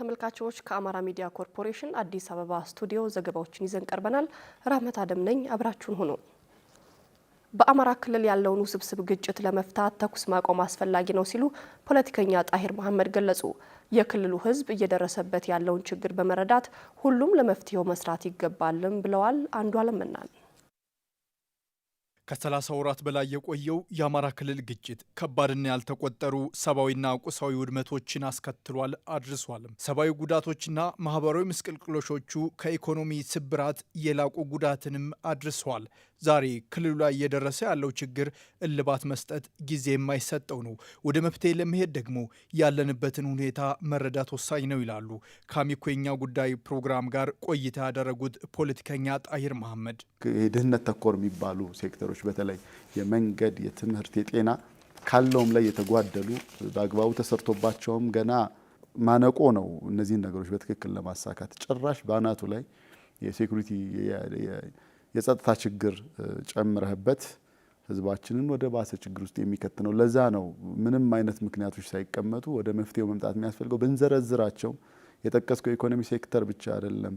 ተመልካቾች ከአማራ ሚዲያ ኮርፖሬሽን አዲስ አበባ ስቱዲዮ ዘገባዎችን ይዘን ቀርበናል። ራህመት አደም ነኝ፣ አብራችሁን ሁኑ። በአማራ ክልል ያለውን ውስብስብ ግጭት ለመፍታት ተኩስ ማቆም አስፈላጊ ነው ሲሉ ፖለቲከኛ ጣሂር መሐመድ ገለጹ። የክልሉ ሕዝብ እየደረሰበት ያለውን ችግር በመረዳት ሁሉም ለመፍትሄው መስራት ይገባልም ብለዋል። አንዱ አለምናል ከ30 ወራት በላይ የቆየው የአማራ ክልል ግጭት ከባድና ያልተቆጠሩ ሰብአዊና ቁሳዊ ውድመቶችን አስከትሏል አድርሷልም። ሰብአዊ ጉዳቶችና ማህበራዊ ምስቅልቅሎሾቹ ከኢኮኖሚ ስብራት የላቁ ጉዳትንም አድርሰዋል። ዛሬ ክልሉ ላይ እየደረሰ ያለው ችግር እልባት መስጠት ጊዜ የማይሰጠው ነው። ወደ መፍትሄ ለመሄድ ደግሞ ያለንበትን ሁኔታ መረዳት ወሳኝ ነው ይላሉ ከአሚኮ የኛ ጉዳይ ፕሮግራም ጋር ቆይታ ያደረጉት ፖለቲከኛ ጣሂር መሐመድ። የድህነት ተኮር የሚባሉ ሴክተሮች በተለይ የመንገድ፣ የትምህርት፣ የጤና ካለውም ላይ የተጓደሉ በአግባቡ ተሰርቶባቸውም ገና ማነቆ ነው። እነዚህን ነገሮች በትክክል ለማሳካት ጭራሽ በአናቱ ላይ የሴኩሪቲ የጸጥታ ችግር ጨምረህበት ህዝባችንን ወደ ባሰ ችግር ውስጥ የሚከት ነው። ለዛ ነው ምንም አይነት ምክንያቶች ሳይቀመጡ ወደ መፍትሄው መምጣት የሚያስፈልገው። ብንዘረዝራቸው የጠቀስከው የኢኮኖሚ ሴክተር ብቻ አይደለም።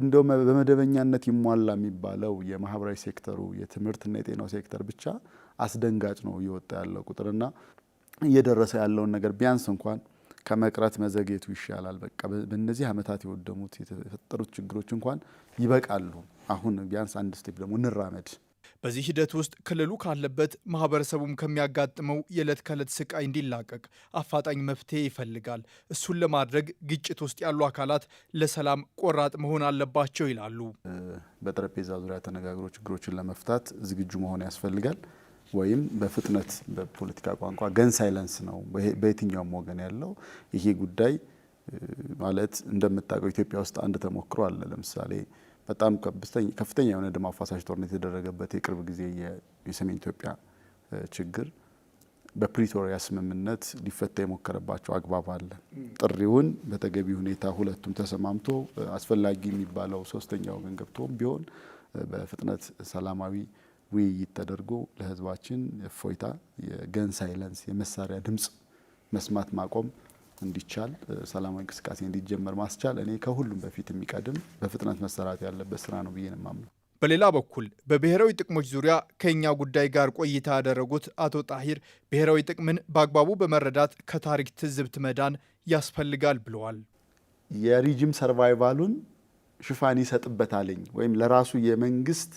እንደው በመደበኛነት ይሟላ የሚባለው የማህበራዊ ሴክተሩ የትምህርትና የጤናው ሴክተር ብቻ አስደንጋጭ ነው እየወጣ ያለው ቁጥርና እየደረሰ ያለውን ነገር ቢያንስ እንኳን ከመቅረት መዘግየቱ ይሻላል። በቃ በእነዚህ ዓመታት የወደሙት የተፈጠሩት ችግሮች እንኳን ይበቃሉ። አሁን ቢያንስ አንድ ስቴፕ ደግሞ እንራመድ። በዚህ ሂደት ውስጥ ክልሉ ካለበት ማህበረሰቡም ከሚያጋጥመው የዕለት ከዕለት ስቃይ እንዲላቀቅ አፋጣኝ መፍትሄ ይፈልጋል። እሱን ለማድረግ ግጭት ውስጥ ያሉ አካላት ለሰላም ቆራጥ መሆን አለባቸው ይላሉ። በጠረጴዛ ዙሪያ ተነጋግሮ ችግሮችን ለመፍታት ዝግጁ መሆን ያስፈልጋል። ወይም በፍጥነት በፖለቲካ ቋንቋ ገን ሳይለንስ ነው በየትኛውም ወገን ያለው ይሄ ጉዳይ። ማለት እንደምታውቀው ኢትዮጵያ ውስጥ አንድ ተሞክሮ አለ። ለምሳሌ በጣም ከፍተኛ የሆነ ደም አፋሳሽ ጦርነት የተደረገበት የቅርብ ጊዜ የሰሜን ኢትዮጵያ ችግር በፕሪቶሪያ ስምምነት ሊፈታ የሞከረባቸው አግባብ አለ። ጥሪውን በተገቢ ሁኔታ ሁለቱም ተሰማምቶ አስፈላጊ የሚባለው ሶስተኛ ወገን ገብቶም ቢሆን በፍጥነት ሰላማዊ ውይይት ተደርጎ ለህዝባችን እፎይታ የገን ሳይለንስ የመሳሪያ ድምፅ መስማት ማቆም እንዲቻል ሰላማዊ እንቅስቃሴ እንዲጀመር ማስቻል እኔ ከሁሉም በፊት የሚቀድም በፍጥነት መሰራት ያለበት ስራ ነው ብዬ ነው የማምነው። በሌላ በኩል በብሔራዊ ጥቅሞች ዙሪያ ከእኛ ጉዳይ ጋር ቆይታ ያደረጉት አቶ ጣሂር ብሔራዊ ጥቅምን በአግባቡ በመረዳት ከታሪክ ትዝብት መዳን ያስፈልጋል ብለዋል። የሪጅም ሰርቫይቫሉን ሽፋን ይሰጥበታልኝ ወይም ለራሱ የመንግስት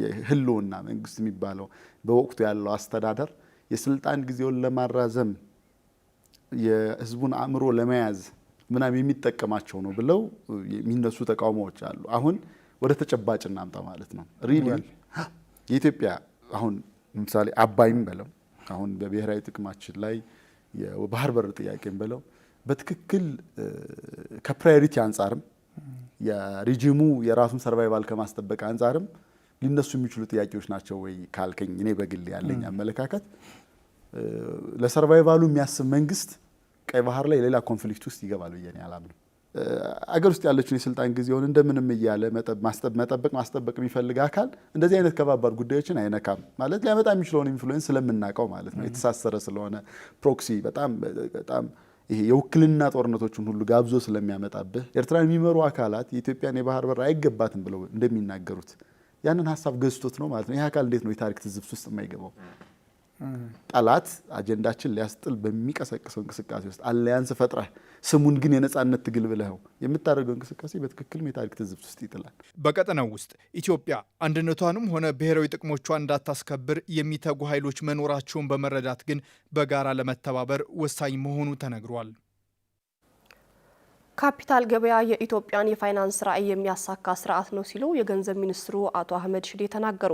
የህልውና መንግስት የሚባለው በወቅቱ ያለው አስተዳደር የስልጣን ጊዜውን ለማራዘም የህዝቡን አእምሮ ለመያዝ ምናምን የሚጠቀማቸው ነው ብለው የሚነሱ ተቃውሞዎች አሉ። አሁን ወደ ተጨባጭ እናምጣ ማለት ነው። ሪሊ የኢትዮጵያ አሁን ለምሳሌ አባይም በለው አሁን በብሔራዊ ጥቅማችን ላይ የባህር በር ጥያቄም በለው በትክክል ከፕራዮሪቲ አንጻርም የሪጂሙ የራሱን ሰርቫይቫል ከማስጠበቅ አንጻርም ሊነሱ የሚችሉ ጥያቄዎች ናቸው ወይ ካልከኝ እኔ በግል ያለኝ አመለካከት ለሰርቫይቫሉ የሚያስብ መንግስት ቀይ ባህር ላይ ሌላ ኮንፍሊክት ውስጥ ይገባል ብዬ አላምንም። አገር ውስጥ ያለችን የስልጣን ጊዜውን እንደምንም እያለ መጠበቅ ማስጠበቅ የሚፈልግ አካል እንደዚህ አይነት ከባባድ ጉዳዮችን አይነካም። ማለት ሊያመጣ የሚችለውን ኢንፍሉዌንስ ስለምናውቀው ማለት ነው። የተሳሰረ ስለሆነ ፕሮክሲ በጣም በጣም ይሄ የውክልና ጦርነቶችን ሁሉ ጋብዞ ስለሚያመጣብህ ኤርትራን የሚመሩ አካላት የኢትዮጵያን የባህር በር አይገባትም ብለው እንደሚናገሩት ያንን ሀሳብ ገዝቶት ነው ማለት ነው። ይህ አካል እንዴት ነው የታሪክ ትዝብት ውስጥ የማይገባው? ጠላት አጀንዳችን ሊያስጥል በሚቀሰቅሰው እንቅስቃሴ ውስጥ አለያንስ ፈጥረህ ስሙን ግን የነጻነት ትግል ብለኸው የምታደርገው እንቅስቃሴ በትክክልም የታሪክ ትዝብት ውስጥ ይጥላል። በቀጠናው ውስጥ ኢትዮጵያ አንድነቷንም ሆነ ብሔራዊ ጥቅሞቿ እንዳታስከብር የሚተጉ ኃይሎች መኖራቸውን በመረዳት ግን በጋራ ለመተባበር ወሳኝ መሆኑ ተነግሯል። ካፒታል ገበያ የኢትዮጵያን የፋይናንስ ራዕይ የሚያሳካ ስርዓት ነው ሲሉ የገንዘብ ሚኒስትሩ አቶ አህመድ ሽዴ ተናገሩ።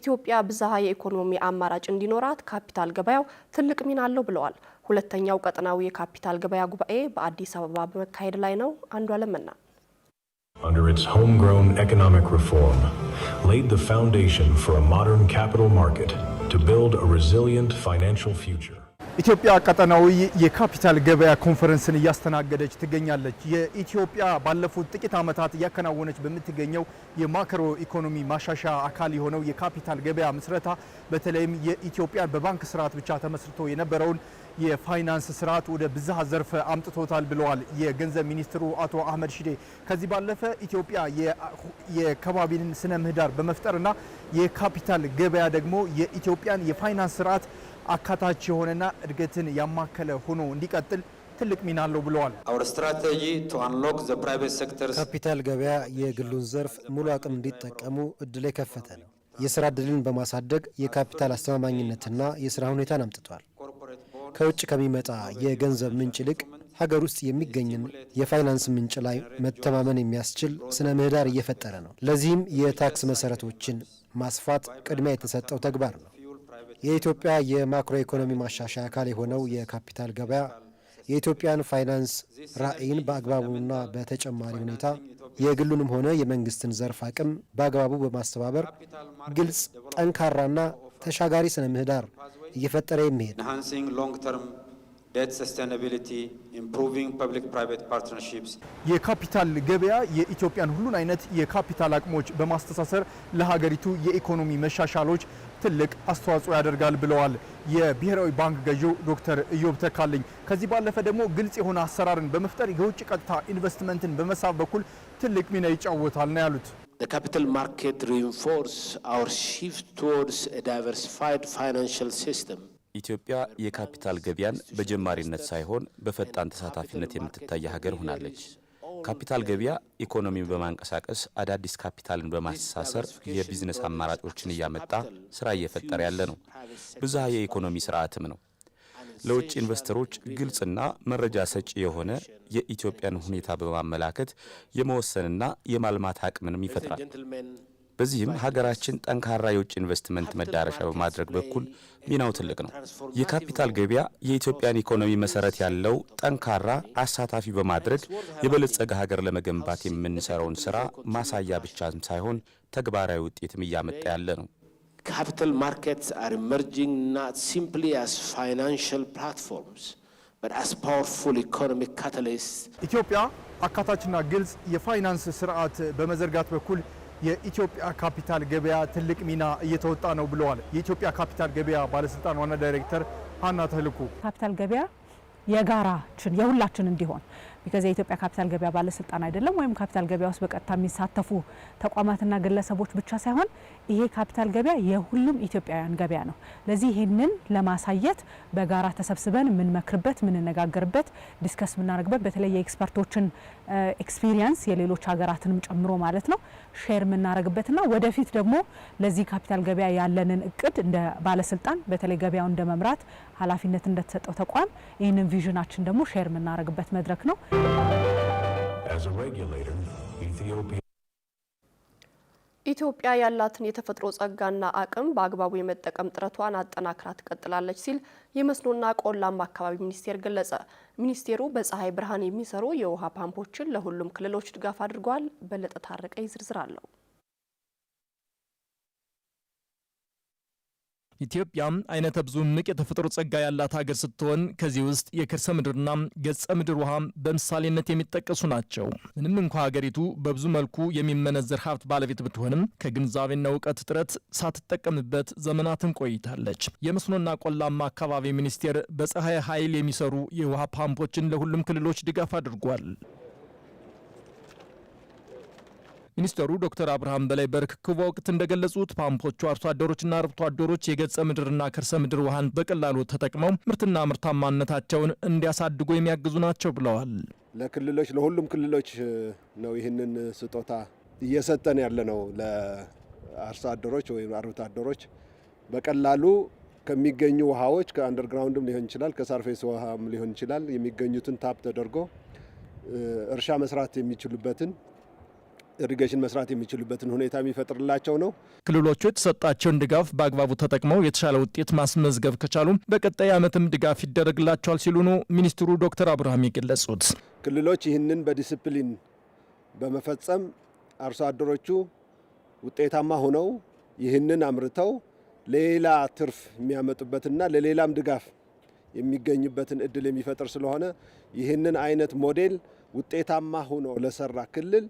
ኢትዮጵያ ብዝሃ የኢኮኖሚ አማራጭ እንዲኖራት ካፒታል ገበያው ትልቅ ሚና አለው ብለዋል። ሁለተኛው ቀጠናዊ የካፒታል ገበያ ጉባኤ በአዲስ አበባ በመካሄድ ላይ ነው። አንዱ አለመና Under its homegrown economic reform, laid the foundation for a modern capital market to build a resilient financial future. ኢትዮጵያ ቀጠናዊ የካፒታል ገበያ ኮንፈረንስን እያስተናገደች ትገኛለች። የኢትዮጵያ ባለፉት ጥቂት ዓመታት እያከናወነች በምትገኘው የማክሮ ኢኮኖሚ ማሻሻያ አካል የሆነው የካፒታል ገበያ ምስረታ በተለይም የኢትዮጵያን በባንክ ስርዓት ብቻ ተመስርቶ የነበረውን የፋይናንስ ስርዓት ወደ ብዝሃ ዘርፍ አምጥቶታል ብለዋል የገንዘብ ሚኒስትሩ አቶ አህመድ ሺዴ። ከዚህ ባለፈ ኢትዮጵያ የከባቢን ስነ ምህዳር በመፍጠርና የካፒታል ገበያ ደግሞ የኢትዮጵያን የፋይናንስ ስርዓት አካታች የሆነና እድገትን ያማከለ ሆኖ እንዲቀጥል ትልቅ ሚና አለው ብለዋል። ካፒታል ገበያ የግሉን ዘርፍ ሙሉ አቅም እንዲጠቀሙ እድል የከፈተ ነው። የስራ እድልን በማሳደግ የካፒታል አስተማማኝነትና የስራ ሁኔታን አምጥቷል። ከውጭ ከሚመጣ የገንዘብ ምንጭ ይልቅ ሀገር ውስጥ የሚገኝን የፋይናንስ ምንጭ ላይ መተማመን የሚያስችል ስነ ምህዳር እየፈጠረ ነው። ለዚህም የታክስ መሰረቶችን ማስፋት ቅድሚያ የተሰጠው ተግባር ነው። የኢትዮጵያ የማክሮ ኢኮኖሚ ማሻሻያ አካል የሆነው የካፒታል ገበያ የኢትዮጵያን ፋይናንስ ራዕይን በአግባቡና በተጨማሪ ሁኔታ የግሉንም ሆነ የመንግስትን ዘርፍ አቅም በአግባቡ በማስተባበር ግልጽ፣ ጠንካራና ተሻጋሪ ስነ ምህዳር እየፈጠረ የሚሄድ የካፒታል ገበያ የኢትዮጵያን ሁሉን አይነት የካፒታል አቅሞች በማስተሳሰር ለሀገሪቱ የኢኮኖሚ መሻሻሎች ትልቅ አስተዋጽኦ ያደርጋል ብለዋል የብሔራዊ ባንክ ገዢው ዶክተር ኢዮብ ተካልኝ። ከዚህ ባለፈ ደግሞ ግልጽ የሆነ አሰራርን በመፍጠር የውጭ ቀጥታ ኢንቨስትመንትን በመሳብ በኩል ትልቅ ሚና ይጫወታል ነው ያሉት። ካፒታል ማርኬት ሪንፎርስ አወር ሺፍት ቱወርድስ ዳይቨርሲፋይድ ፋይናንሻል ሲስተም ኢትዮጵያ የካፒታል ገበያን በጀማሪነት ሳይሆን በፈጣን ተሳታፊነት የምትታይ ሀገር ሆናለች። ካፒታል ገበያ ኢኮኖሚን በማንቀሳቀስ አዳዲስ ካፒታልን በማስተሳሰር የቢዝነስ አማራጮችን እያመጣ ስራ እየፈጠረ ያለ ነው። ብዝሃ የኢኮኖሚ ስርዓትም ነው። ለውጭ ኢንቨስተሮች ግልጽና መረጃ ሰጪ የሆነ የኢትዮጵያን ሁኔታ በማመላከት የመወሰንና የማልማት አቅምንም ይፈጥራል። በዚህም ሀገራችን ጠንካራ የውጭ ኢንቨስትመንት መዳረሻ በማድረግ በኩል ሚናው ትልቅ ነው። የካፒታል ገበያ የኢትዮጵያን ኢኮኖሚ መሰረት ያለው ጠንካራ አሳታፊ በማድረግ የበለጸገ ሀገር ለመገንባት የምንሰራውን ስራ ማሳያ ብቻም ሳይሆን ተግባራዊ ውጤትም እያመጣ ያለ ነው። ካፒታል ማርኬትስ አር ኢመርጂንግ ናት ሲምፕሊ አስ ፋይናንሽል ፕላትፎርምስ በት አስ ፓወርፉል ኢኮኖሚክ ካታሊስት ኢትዮጵያ አካታችና ግልጽ የፋይናንስ ስርዓት በመዘርጋት በኩል የኢትዮጵያ ካፒታል ገበያ ትልቅ ሚና እየተወጣ ነው ብለዋል የኢትዮጵያ ካፒታል ገበያ ባለስልጣን ዋና ዳይሬክተር ሀና ተልኩ። ካፒታል ገበያ የጋራችን የሁላችን እንዲሆን ቢካዝ የኢትዮጵያ ካፒታል ገበያ ባለስልጣን አይደለም ወይም ካፒታል ገበያ ውስጥ በቀጥታ የሚሳተፉ ተቋማትና ግለሰቦች ብቻ ሳይሆን ይሄ ካፒታል ገበያ የሁሉም ኢትዮጵያውያን ገበያ ነው። ለዚህ ይህንን ለማሳየት በጋራ ተሰብስበን የምንመክርበት፣ የምንነጋገርበት፣ ዲስከስ የምናደርግበት በተለይ የኤክስፐርቶችን ኤክስፒሪየንስ የሌሎች ሀገራትንም ጨምሮ ማለት ነው ሼር የምናደርግበትና ወደፊት ደግሞ ለዚህ ካፒታል ገበያ ያለንን እቅድ እንደ ባለስልጣን በተለይ ገበያውን እንደ መምራት ኃላፊነት እንደተሰጠው ተቋም ይህንን ቪዥናችን ደግሞ ሼር የምናደርግበት መድረክ ነው። ኢትዮጵያ ያላትን የተፈጥሮ ጸጋና አቅም በአግባቡ የመጠቀም ጥረቷን አጠናክራ ትቀጥላለች ሲል የመስኖና ቆላማ አካባቢ ሚኒስቴር ገለጸ። ሚኒስቴሩ በፀሐይ ብርሃን የሚሰሩ የውሃ ፓምፖችን ለሁሉም ክልሎች ድጋፍ አድርጓል። በለጠ ታረቀ ዝርዝር አለው። ኢትዮጵያም አይነተ ብዙ እምቅ የተፈጥሮ ጸጋ ያላት ሀገር ስትሆን ከዚህ ውስጥ የከርሰ ምድርና ገጸ ምድር ውሃ በምሳሌነት የሚጠቀሱ ናቸው። ምንም እንኳ ሀገሪቱ በብዙ መልኩ የሚመነዘር ሀብት ባለቤት ብትሆንም ከግንዛቤና እውቀት እጥረት ሳትጠቀምበት ዘመናትን ቆይታለች። የመስኖና ቆላማ አካባቢ ሚኒስቴር በፀሐይ ኃይል የሚሰሩ የውሃ ፓምፖችን ለሁሉም ክልሎች ድጋፍ አድርጓል። ሚኒስትሩ ዶክተር አብርሃም በላይ በርክክቡ ወቅት እንደገለጹት ፓምፖቹ አርሶ አደሮችና አርብቶ አደሮች የገጸ ምድርና ከርሰ ምድር ውሃን በቀላሉ ተጠቅመው ምርትና ምርታማነታቸውን እንዲያሳድጉ የሚያግዙ ናቸው ብለዋል። ለክልሎች ለሁሉም ክልሎች ነው ይህንን ስጦታ እየሰጠን ያለ ነው። ለአርሶ አደሮች ወይም አርብቶ አደሮች በቀላሉ ከሚገኙ ውሃዎች ከአንደርግራውንድም ሊሆን ይችላል፣ ከሳርፌስ ውሃም ሊሆን ይችላል የሚገኙትን ታፕ ተደርጎ እርሻ መስራት የሚችሉበትን ኢሪጌሽን መስራት የሚችሉበትን ሁኔታ የሚፈጥርላቸው ነው። ክልሎቹ የተሰጣቸውን ድጋፍ በአግባቡ ተጠቅመው የተሻለ ውጤት ማስመዝገብ ከቻሉም በቀጣይ ዓመትም ድጋፍ ይደረግላቸዋል ሲሉ ነው ሚኒስትሩ ዶክተር አብርሃም የገለጹት። ክልሎች ይህንን በዲስፕሊን በመፈጸም አርሶ አደሮቹ ውጤታማ ሆነው ይህንን አምርተው ሌላ ትርፍ የሚያመጡበትና ለሌላም ድጋፍ የሚገኝበትን እድል የሚፈጥር ስለሆነ ይህንን አይነት ሞዴል ውጤታማ ሆኖ ለሰራ ክልል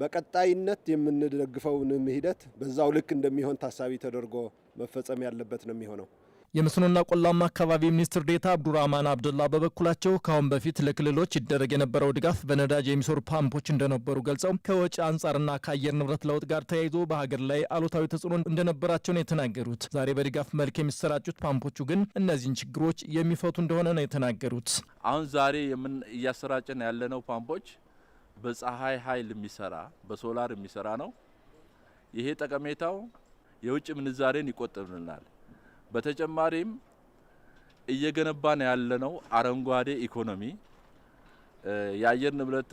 በቀጣይነት የምንደግፈውንም ሂደት በዛው ልክ እንደሚሆን ታሳቢ ተደርጎ መፈጸም ያለበት ነው የሚሆነው። የመስኖና ቆላማ አካባቢ ሚኒስትር ዴታ አብዱራህማን አብደላ በበኩላቸው ከአሁን በፊት ለክልሎች ይደረግ የነበረው ድጋፍ በነዳጅ የሚሰሩ ፓምፖች እንደነበሩ ገልጸው ከወጪ አንጻርና ከአየር ንብረት ለውጥ ጋር ተያይዞ በሀገር ላይ አሉታዊ ተጽዕኖ እንደነበራቸው ነው የተናገሩት። ዛሬ በድጋፍ መልክ የሚሰራጩት ፓምፖቹ ግን እነዚህን ችግሮች የሚፈቱ እንደሆነ ነው የተናገሩት። አሁን ዛሬ እያሰራጭን ያለነው ፓምፖች በፀሐይ ኃይል የሚሰራ በሶላር የሚሰራ ነው። ይሄ ጠቀሜታው የውጭ ምንዛሬን ይቆጥብልናል። በተጨማሪም እየገነባን ያለነው አረንጓዴ ኢኮኖሚ የአየር ንብረት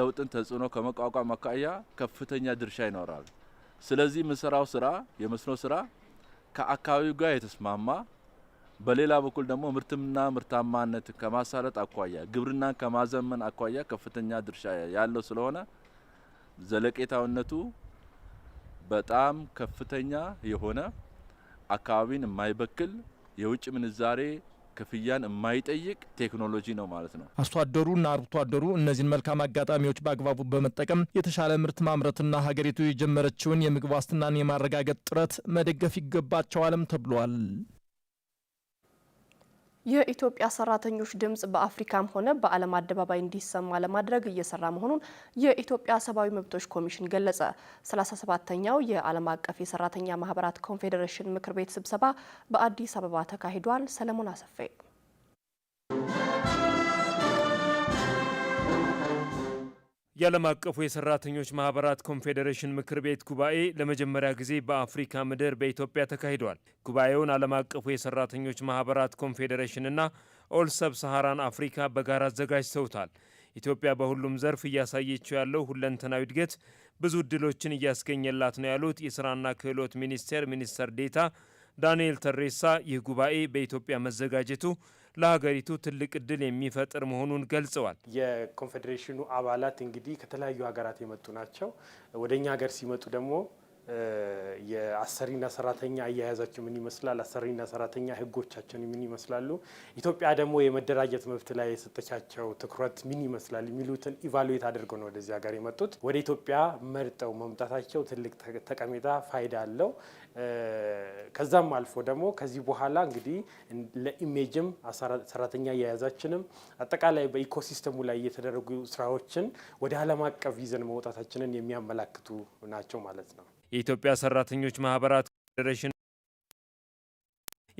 ለውጥን ተጽዕኖ ከመቋቋም አኳያ ከፍተኛ ድርሻ ይኖራል። ስለዚህ የምንሰራው ስራ የመስኖ ስራ ከአካባቢው ጋር የተስማማ በሌላ በኩል ደግሞ ምርትና ምርታማነት ከማሳለጥ አኳያ ግብርና ከማዘመን አኳያ ከፍተኛ ድርሻ ያለው ስለሆነ ዘለቄታዊነቱ በጣም ከፍተኛ የሆነ አካባቢን የማይበክል የውጭ ምንዛሬ ክፍያን የማይጠይቅ ቴክኖሎጂ ነው ማለት ነው። አርሶ አደሩና አርብቶ አደሩ እነዚህን መልካም አጋጣሚዎች በአግባቡ በመጠቀም የተሻለ ምርት ማምረትና ሀገሪቱ የጀመረችውን የምግብ ዋስትናን የማረጋገጥ ጥረት መደገፍ ይገባቸዋልም ተብሏል። የኢትዮጵያ ሰራተኞች ድምጽ በአፍሪካም ሆነ በዓለም አደባባይ እንዲሰማ ለማድረግ እየሰራ መሆኑን የኢትዮጵያ ሰብአዊ መብቶች ኮሚሽን ገለጸ። 37ተኛው የዓለም አቀፍ የሰራተኛ ማህበራት ኮንፌዴሬሽን ምክር ቤት ስብሰባ በአዲስ አበባ ተካሂዷል። ሰለሞን አሰፌ የዓለም አቀፉ የሰራተኞች ማህበራት ኮንፌዴሬሽን ምክር ቤት ጉባኤ ለመጀመሪያ ጊዜ በአፍሪካ ምድር በኢትዮጵያ ተካሂዷል። ጉባኤውን ዓለም አቀፉ የሰራተኞች ማህበራት ኮንፌዴሬሽንና ኦል ሰብ ሰሃራን አፍሪካ በጋራ አዘጋጅተውታል። ኢትዮጵያ በሁሉም ዘርፍ እያሳየችው ያለው ሁለንተናዊ እድገት ብዙ እድሎችን እያስገኘላት ነው ያሉት የስራና ክህሎት ሚኒስቴር ሚኒስትር ዴታ ዳንኤል ተሬሳ ይህ ጉባኤ በኢትዮጵያ መዘጋጀቱ ለሀገሪቱ ትልቅ እድል የሚፈጥር መሆኑን ገልጸዋል። የኮንፌዴሬሽኑ አባላት እንግዲህ ከተለያዩ ሀገራት የመጡ ናቸው። ወደ እኛ ሀገር ሲመጡ ደግሞ የአሰሪና ሰራተኛ አያያዛችን ምን ይመስላል? አሰሪና ሰራተኛ ህጎቻችን ምን ይመስላሉ? ኢትዮጵያ ደግሞ የመደራጀት መብት ላይ የሰጠቻቸው ትኩረት ምን ይመስላል? የሚሉትን ኢቫሉዌት አድርገው ነው ወደዚህ ሀገር የመጡት። ወደ ኢትዮጵያ መርጠው መምጣታቸው ትልቅ ጠቀሜታ ፋይዳ አለው። ከዛም አልፎ ደግሞ ከዚህ በኋላ እንግዲህ ለኢሜጅም ሰራተኛ አያያዛችንም አጠቃላይ በኢኮሲስተሙ ላይ እየተደረጉ ስራዎችን ወደ ዓለም አቀፍ ይዘን መውጣታችንን የሚያመላክቱ ናቸው ማለት ነው። የኢትዮጵያ ሰራተኞች ማህበራት ፌዴሬሽን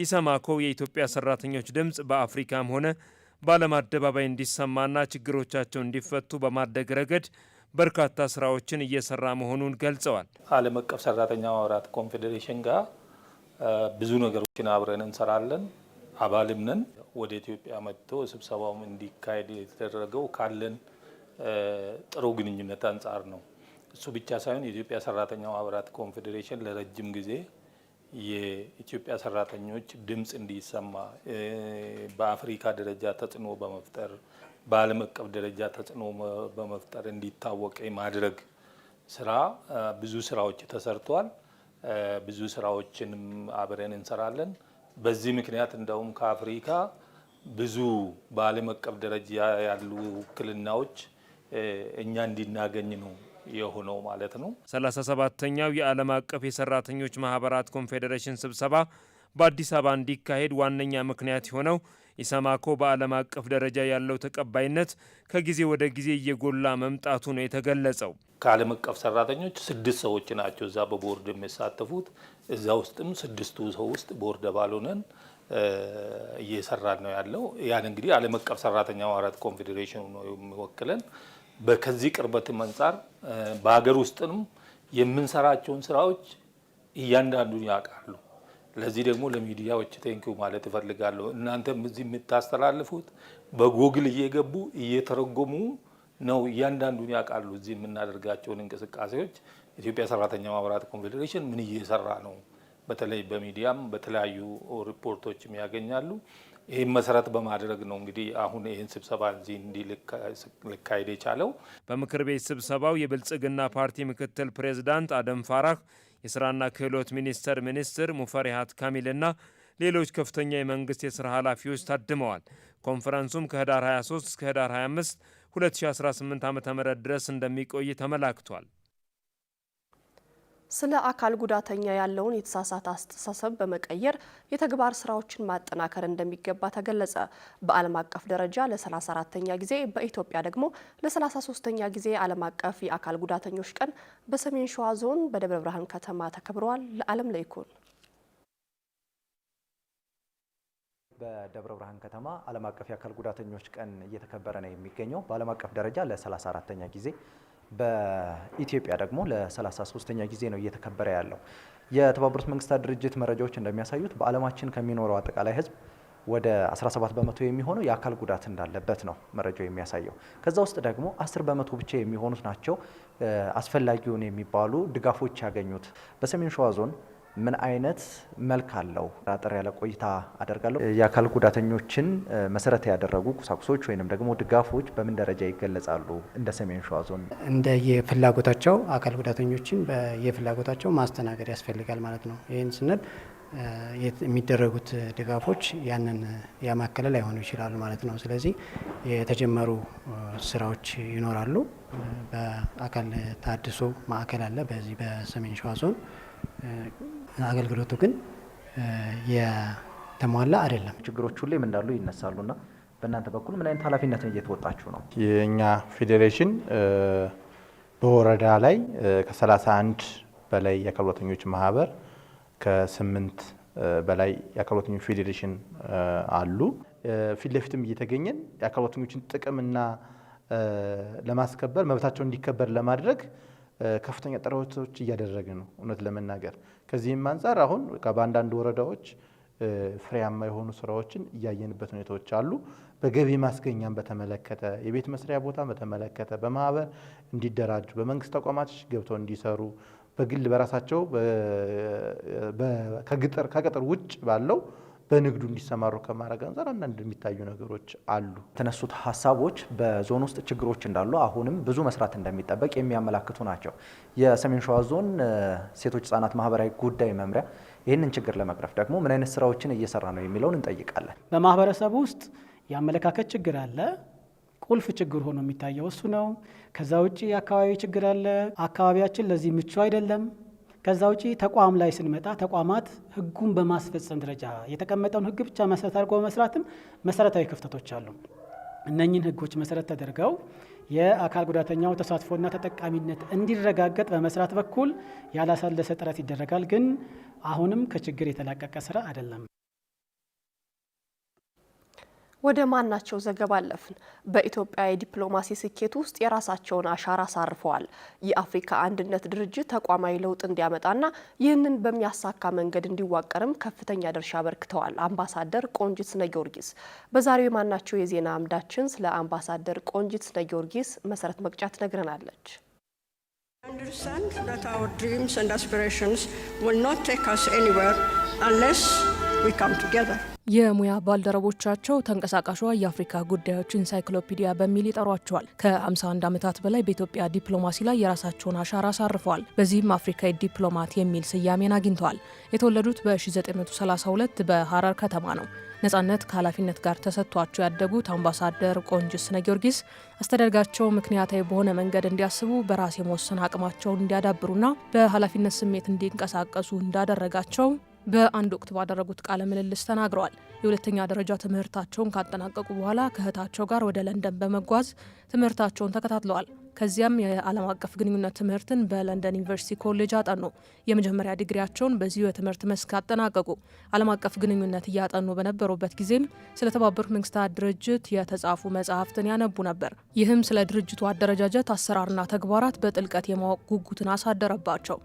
ኢሰማኮ የኢትዮጵያ ሰራተኞች ድምፅ በአፍሪካም ሆነ በዓለም አደባባይ እንዲሰማና ችግሮቻቸው እንዲፈቱ በማድረግ ረገድ በርካታ ስራዎችን እየሰራ መሆኑን ገልጸዋል። ዓለም አቀፍ ሰራተኛ ማህበራት ኮንፌዴሬሽን ጋር ብዙ ነገሮችን አብረን እንሰራለን። አባልም ነን። ወደ ኢትዮጵያ መጥቶ ስብሰባውም እንዲካሄድ የተደረገው ካለን ጥሩ ግንኙነት አንጻር ነው። እሱ ብቻ ሳይሆን የኢትዮጵያ ሰራተኛ ማህበራት ኮንፌዴሬሽን ለረጅም ጊዜ የኢትዮጵያ ሰራተኞች ድምፅ እንዲሰማ በአፍሪካ ደረጃ ተጽዕኖ በመፍጠር በዓለም አቀፍ ደረጃ ተጽዕኖ በመፍጠር እንዲታወቅ የማድረግ ስራ ብዙ ስራዎች ተሰርተዋል። ብዙ ስራዎችንም አብረን እንሰራለን። በዚህ ምክንያት እንደውም ከአፍሪካ ብዙ በዓለም አቀፍ ደረጃ ያሉ ውክልናዎች እኛ እንዲናገኝ ነው የሆነው ማለት ነው። 37ተኛው የዓለም አቀፍ የሰራተኞች ማህበራት ኮንፌዴሬሽን ስብሰባ በአዲስ አበባ እንዲካሄድ ዋነኛ ምክንያት የሆነው ኢሰማኮ በዓለም አቀፍ ደረጃ ያለው ተቀባይነት ከጊዜ ወደ ጊዜ እየጎላ መምጣቱ ነው የተገለጸው። ከዓለም አቀፍ ሰራተኞች ስድስት ሰዎች ናቸው እዛ በቦርድ የሚሳተፉት። እዛ ውስጥም ስድስቱ ሰው ውስጥ ቦርድ ባልሆነን እየሰራን ነው ያለው። ያን እንግዲህ ዓለም አቀፍ ሰራተኛ ማህበራት ኮንፌዴሬሽኑ ነው የሚወክለን። በከዚህ ቅርበትም አንጻር በሀገር ውስጥንም የምንሰራቸውን ስራዎች እያንዳንዱን ያውቃሉ። ለዚህ ደግሞ ለሚዲያዎች ቴንኪው ማለት እፈልጋለሁ። እናንተም እዚህ የምታስተላልፉት በጎግል እየገቡ እየተረጎሙ ነው። እያንዳንዱን ያውቃሉ። እዚህ የምናደርጋቸውን እንቅስቃሴዎች ኢትዮጵያ ሰራተኛ ማህበራት ኮንፌዴሬሽን ምን እየሰራ ነው፣ በተለይ በሚዲያም በተለያዩ ሪፖርቶችም ያገኛሉ። ይህም መሰረት በማድረግ ነው እንግዲህ አሁን ይህን ስብሰባ እዚህ እንዲህ ሊካሄድ የቻለው። በምክር ቤት ስብሰባው የብልጽግና ፓርቲ ምክትል ፕሬዝዳንት አደም ፋራህ፣ የስራና ክህሎት ሚኒስቴር ሚኒስትር ሙፈሪሃት ካሚልና ሌሎች ከፍተኛ የመንግስት የስራ ኃላፊዎች ታድመዋል። ኮንፈረንሱም ከህዳር 23 እስከ ህዳር 25 2018 ዓ ም ድረስ እንደሚቆይ ተመላክቷል። ስለ አካል ጉዳተኛ ያለውን የተሳሳተ አስተሳሰብ በመቀየር የተግባር ስራዎችን ማጠናከር እንደሚገባ ተገለጸ። በዓለም አቀፍ ደረጃ ለ34ተኛ ጊዜ በኢትዮጵያ ደግሞ ለ33ተኛ ጊዜ ዓለም አቀፍ የአካል ጉዳተኞች ቀን በሰሜን ሸዋ ዞን በደብረ ብርሃን ከተማ ተከብረዋል። ለዓለም ለይኩን በደብረ ብርሃን ከተማ ዓለም አቀፍ የአካል ጉዳተኞች ቀን እየተከበረ ነው የሚገኘው። በዓለም አቀፍ ደረጃ ለ34ተኛ ጊዜ በኢትዮጵያ ደግሞ ለ33ኛ ጊዜ ነው እየተከበረ ያለው። የተባበሩት መንግስታት ድርጅት መረጃዎች እንደሚያሳዩት በዓለማችን ከሚኖረው አጠቃላይ ህዝብ ወደ 17 በመቶ የሚሆነው የአካል ጉዳት እንዳለበት ነው መረጃው የሚያሳየው። ከዛ ውስጥ ደግሞ 10 በመቶ ብቻ የሚሆኑት ናቸው አስፈላጊውን የሚባሉ ድጋፎች ያገኙት። በሰሜን ሸዋ ዞን ምን አይነት መልክ አለው? አጠር ያለ ቆይታ አደርጋለሁ። የአካል ጉዳተኞችን መሰረት ያደረጉ ቁሳቁሶች ወይንም ደግሞ ድጋፎች በምን ደረጃ ይገለጻሉ? እንደ ሰሜን ሸዋ ዞን እንደ የፍላጎታቸው አካል ጉዳተኞችን የፍላጎታቸው ማስተናገድ ያስፈልጋል ማለት ነው። ይህን ስንል የሚደረጉት ድጋፎች ያንን ያማከለ ላይሆኑ ይችላሉ ማለት ነው። ስለዚህ የተጀመሩ ስራዎች ይኖራሉ። በአካል ታድሶ ማዕከል አለ በዚህ በሰሜን ሸዋ ዞን አገልግሎቱ ግን የተሟላ አይደለም። ችግሮች ሁሌም እንዳሉ ይነሳሉና በእናንተ በኩል ምን አይነት ኃላፊነት እየተወጣችሁ ነው? የእኛ ፌዴሬሽን በወረዳ ላይ ከ31 በላይ የአካል ጉዳተኞች ማህበር ከስምንት በላይ የአካል ጉዳተኞች ፌዴሬሽን አሉ። ፊት ለፊትም እየተገኘን የአካል ጉዳተኞችን ጥቅምና ለማስከበር መብታቸውን እንዲከበር ለማድረግ ከፍተኛ ጥረቶች እያደረገ ነው። እውነት ለመናገር ከዚህም አንጻር አሁን በአንዳንድ ወረዳዎች ፍሬያማ የሆኑ ስራዎችን እያየንበት ሁኔታዎች አሉ። በገቢ ማስገኛም በተመለከተ የቤት መስሪያ ቦታ በተመለከተ በማህበር እንዲደራጁ በመንግስት ተቋማት ገብተው እንዲሰሩ በግል በራሳቸው ከቅጥር ውጭ ባለው በንግዱ እንዲሰማሩ ከማድረግ አንጻር አንዳንድ የሚታዩ ነገሮች አሉ። የተነሱት ሀሳቦች በዞን ውስጥ ችግሮች እንዳሉ አሁንም ብዙ መስራት እንደሚጠበቅ የሚያመላክቱ ናቸው። የሰሜን ሸዋ ዞን ሴቶች ህጻናት ማህበራዊ ጉዳይ መምሪያ ይህንን ችግር ለመቅረፍ ደግሞ ምን አይነት ስራዎችን እየሰራ ነው የሚለውን እንጠይቃለን። በማህበረሰብ ውስጥ የአመለካከት ችግር አለ። ቁልፍ ችግር ሆኖ የሚታየው እሱ ነው። ከዛ ውጭ የአካባቢ ችግር አለ። አካባቢያችን ለዚህ ምቹ አይደለም። ከዛ ውጪ ተቋም ላይ ስንመጣ ተቋማት ህጉን በማስፈጸም ደረጃ የተቀመጠውን ህግ ብቻ መሰረት አድርጎ በመስራትም መሰረታዊ ክፍተቶች አሉ። እነኝን ህጎች መሰረት ተደርገው የአካል ጉዳተኛው ተሳትፎና ተጠቃሚነት እንዲረጋገጥ በመስራት በኩል ያላሳለሰ ጥረት ይደረጋል። ግን አሁንም ከችግር የተላቀቀ ስራ አይደለም። ወደ ማናቸው ዘገባ አለፍን። በኢትዮጵያ የዲፕሎማሲ ስኬት ውስጥ የራሳቸውን አሻራ አሳርፈዋል። የአፍሪካ አንድነት ድርጅት ተቋማዊ ለውጥ እንዲያመጣና ይህንን በሚያሳካ መንገድ እንዲዋቀርም ከፍተኛ ድርሻ አበርክተዋል። አምባሳደር ቆንጂት ስነ ጊዮርጊስ በዛሬው የማናቸው የዜና አምዳችን ስለ አምባሳደር ቆንጂት ስነ ጊዮርጊስ መሰረት መቅጫ ትነግረናለች። understand that our dreams and aspirations will not take us anywhere unless የሙያ ባልደረቦቻቸው ተንቀሳቃሿ የአፍሪካ ጉዳዮች ኢንሳይክሎፒዲያ በሚል ይጠሯቸዋል። ከ51 ዓመታት በላይ በኢትዮጵያ ዲፕሎማሲ ላይ የራሳቸውን አሻራ አሳርፈዋል። በዚህም አፍሪካዊ ዲፕሎማት የሚል ስያሜን አግኝተዋል። የተወለዱት በ1932 በሐረር ከተማ ነው። ነጻነት ከኃላፊነት ጋር ተሰጥቷቸው ያደጉት አምባሳደር ቆንጅ ስነ ጊዮርጊስ አስተዳደጋቸው ምክንያታዊ በሆነ መንገድ እንዲያስቡ በራስ የመወሰን አቅማቸውን እንዲያዳብሩና በኃላፊነት ስሜት እንዲንቀሳቀሱ እንዳደረጋቸው በአንድ ወቅት ባደረጉት ቃለ ምልልስ ተናግረዋል። የሁለተኛ ደረጃ ትምህርታቸውን ካጠናቀቁ በኋላ ከእህታቸው ጋር ወደ ለንደን በመጓዝ ትምህርታቸውን ተከታትለዋል። ከዚያም የዓለም አቀፍ ግንኙነት ትምህርትን በለንደን ዩኒቨርሲቲ ኮሌጅ አጠኑ። የመጀመሪያ ዲግሪያቸውን በዚሁ የትምህርት መስክ አጠናቀቁ። ዓለም አቀፍ ግንኙነት እያጠኑ በነበሩበት ጊዜም ስለ ተባበሩት መንግስታት ድርጅት የተጻፉ መጽሐፍትን ያነቡ ነበር። ይህም ስለ ድርጅቱ አደረጃጀት አሰራርና ተግባራት በጥልቀት የማወቅ ጉጉትን አሳደረባቸው።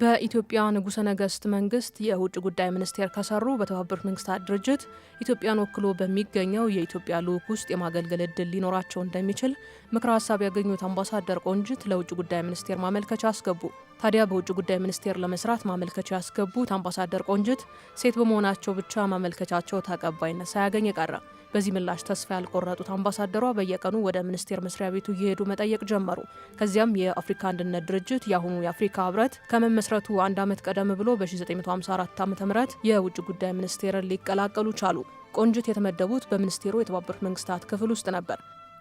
በኢትዮጵያ ንጉሠ ነገሥት መንግስት የውጭ ጉዳይ ሚኒስቴር ከሰሩ በተባበሩት መንግስታት ድርጅት ኢትዮጵያን ወክሎ በሚገኘው የኢትዮጵያ ልዑክ ውስጥ የማገልገል እድል ሊኖራቸው እንደሚችል ምክረ ሀሳብ ያገኙት አምባሳደር ቆንጅት ለውጭ ጉዳይ ሚኒስቴር ማመልከቻ አስገቡ። ታዲያ በውጭ ጉዳይ ሚኒስቴር ለመስራት ማመልከቻ ያስገቡት አምባሳደር ቆንጅት ሴት በመሆናቸው ብቻ ማመልከቻቸው ተቀባይነት ሳያገኝ ቀረ። በዚህ ምላሽ ተስፋ ያልቆረጡት አምባሳደሯ በየቀኑ ወደ ሚኒስቴር መስሪያ ቤቱ እየሄዱ መጠየቅ ጀመሩ። ከዚያም የአፍሪካ አንድነት ድርጅት የአሁኑ የአፍሪካ ህብረት ከመመስረቱ አንድ ዓመት ቀደም ብሎ በ1954 ዓ ም የውጭ ጉዳይ ሚኒስቴርን ሊቀላቀሉ ቻሉ። ቆንጅት የተመደቡት በሚኒስቴሩ የተባበሩት መንግስታት ክፍል ውስጥ ነበር።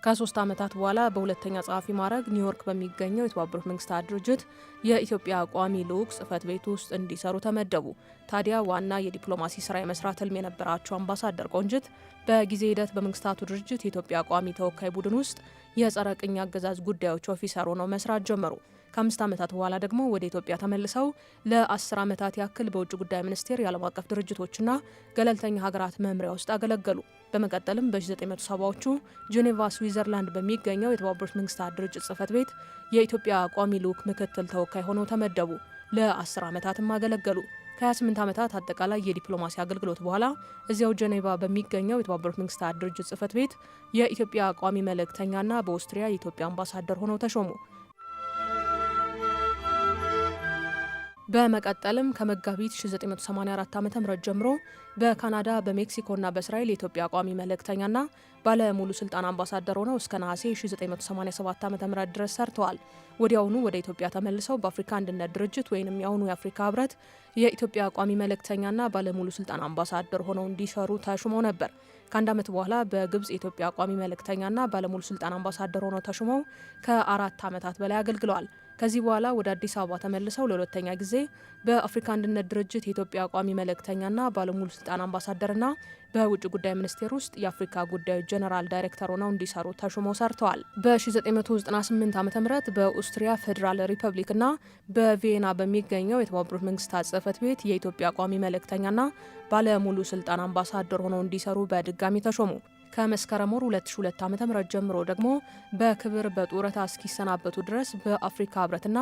ከሶስት ዓመታት በኋላ በሁለተኛ ጸሐፊ ማዕረግ ኒውዮርክ በሚገኘው የተባበሩት መንግስታት ድርጅት የኢትዮጵያ ቋሚ ልዑክ ጽህፈት ቤት ውስጥ እንዲሰሩ ተመደቡ። ታዲያ ዋና የዲፕሎማሲ ስራ የመስራት ህልም የነበራቸው አምባሳደር ቆንጅት በጊዜ ሂደት በመንግስታቱ ድርጅት የኢትዮጵያ ቋሚ ተወካይ ቡድን ውስጥ የጸረ ቅኝ አገዛዝ ጉዳዮች ኦፊሰር ሆነው መስራት ጀመሩ። ከአምስት ዓመታት በኋላ ደግሞ ወደ ኢትዮጵያ ተመልሰው ለአስር ዓመታት ያክል በውጭ ጉዳይ ሚኒስቴር የዓለም አቀፍ ድርጅቶችና ገለልተኛ ሀገራት መምሪያ ውስጥ አገለገሉ። በመቀጠልም በ1970ዎቹ ጄኔቫ ስዊዘርላንድ በሚገኘው የተባበሩት መንግስታት ድርጅት ጽህፈት ቤት የኢትዮጵያ ቋሚ ልዑክ ምክትል ተወካይ ሆነው ተመደቡ። ለ10 ዓመታትም አገለገሉ። ከ28 ዓመታት አጠቃላይ የዲፕሎማሲ አገልግሎት በኋላ እዚያው ጀኔቫ በሚገኘው የተባበሩት መንግስታት ድርጅት ጽህፈት ቤት የኢትዮጵያ ቋሚ መልእክተኛና በኦስትሪያ የኢትዮጵያ አምባሳደር ሆነው ተሾሙ። በመቀጠልም ከመጋቢት 1984 ዓ ም ጀምሮ በካናዳ በሜክሲኮና በእስራኤል የኢትዮጵያ ቋሚ መልእክተኛና ባለሙሉ ስልጣን አምባሳደር ሆነው እስከ ነሐሴ 1987 ዓ ም ድረስ ሰርተዋል። ወዲያውኑ ወደ ኢትዮጵያ ተመልሰው በአፍሪካ አንድነት ድርጅት ወይም የአሁኑ የአፍሪካ ህብረት የኢትዮጵያ ቋሚ መልእክተኛና ባለሙሉ ስልጣን አምባሳደር ሆነው እንዲሰሩ ተሹመው ነበር። ከአንድ ዓመት በኋላ በግብጽ የኢትዮጵያ ቋሚ መልእክተኛና ባለሙሉ ስልጣን አምባሳደር ሆነው ተሹመው ከአራት ዓመታት በላይ አገልግለዋል። ከዚህ በኋላ ወደ አዲስ አበባ ተመልሰው ለሁለተኛ ጊዜ በአፍሪካ አንድነት ድርጅት የኢትዮጵያ ቋሚ መልእክተኛና ባለሙሉ ስልጣን አምባሳደርና በውጭ ጉዳይ ሚኒስቴር ውስጥ የአፍሪካ ጉዳዮች ጀነራል ዳይሬክተር ሆነው እንዲሰሩ ተሹመው ሰርተዋል። በ1998 ዓ ም በኦስትሪያ ፌዴራል ሪፐብሊክና በቪየና በሚገኘው የተባበሩት መንግስታት ጽህፈት ቤት የኢትዮጵያ ቋሚ መልእክተኛና ባለሙሉ ስልጣን አምባሳደር ሆነው እንዲሰሩ በድጋሚ ተሾሙ። ከመስከረም ወር 2002 ዓ.ም ጀምሮ ደግሞ በክብር በጡረታ እስኪሰናበቱ ድረስ በአፍሪካ ህብረትና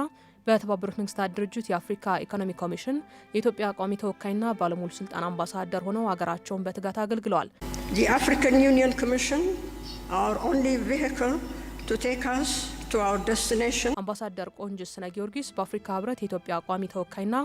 በተባበሩት መንግስታት ድርጅት የአፍሪካ ኢኮኖሚ ኮሚሽን የኢትዮጵያ ቋሚ ተወካይና ባለሙሉ ስልጣን አምባሳደር ሆነው ሀገራቸውን በትጋት አገልግለዋል። የአፍሪካን ዩኒየን ኮሚሽን አወር ኦንሊ ቬሂክል ቱ ቴክ ደስቲኔሽን። አምባሳደር ቆንጅ ስነ ጊዮርጊስ በአፍሪካ ህብረት የኢትዮጵያ ቋሚ ተወካይና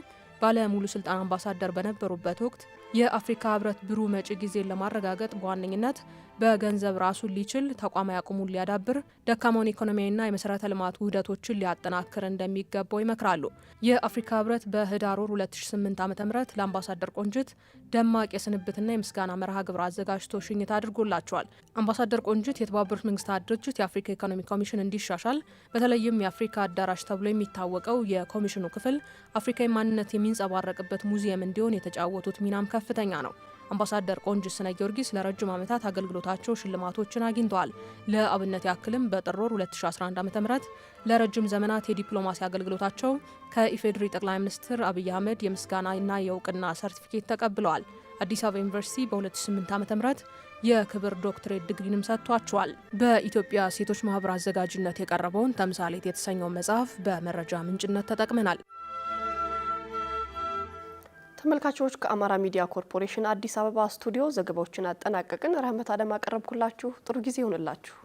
ባለሙሉ ስልጣን አምባሳደር በነበሩበት ወቅት የአፍሪካ ህብረት ብሩ መጪ ጊዜን ለማረጋገጥ በዋነኝነት በገንዘብ ራሱን ሊችል ተቋማዊ አቅሙን ሊያዳብር ደካማውን ኢኮኖሚያዊና የመሰረተ ልማት ውህደቶችን ሊያጠናክር እንደሚገባው ይመክራሉ። የአፍሪካ ህብረት በህዳር ወር 2008 ዓ ም ለአምባሳደር ቆንጅት ደማቅ የስንብትና የምስጋና መርሃ ግብር አዘጋጅቶ ሽኝት አድርጎላቸዋል። አምባሳደር ቆንጅት የተባበሩት መንግስታት ድርጅት የአፍሪካ ኢኮኖሚ ኮሚሽን እንዲሻሻል በተለይም የአፍሪካ አዳራሽ ተብሎ የሚታወቀው የኮሚሽኑ ክፍል አፍሪካዊ ማንነት የሚንጸባረቅበት ሙዚየም እንዲሆን የተጫወቱት ሚናም ከፍ ከፍተኛ ነው። አምባሳደር ቆንጅት ስነ ጊዮርጊስ ለረጅም ዓመታት አገልግሎታቸው ሽልማቶችን አግኝተዋል። ለአብነት ያክልም በጥር ወር 2011 ም ለረጅም ዘመናት የዲፕሎማሲ አገልግሎታቸው ከኢፌዴሪ ጠቅላይ ሚኒስትር አብይ አህመድ የምስጋናና የእውቅና ሰርቲፊኬት ተቀብለዋል። አዲስ አበባ ዩኒቨርሲቲ በ2008 ዓ.ም የክብር ዶክትሬት ድግሪንም ሰጥቷቸዋል። በኢትዮጵያ ሴቶች ማህበር አዘጋጅነት የቀረበውን ተምሳሌት የተሰኘውን መጽሐፍ በመረጃ ምንጭነት ተጠቅመናል። ተመልካቾች ከአማራ ሚዲያ ኮርፖሬሽን አዲስ አበባ ስቱዲዮ ዘገባዎችን አጠናቀቅን። ረህመት አደም አቀረብኩላችሁ። ጥሩ ጊዜ ይሆንላችሁ።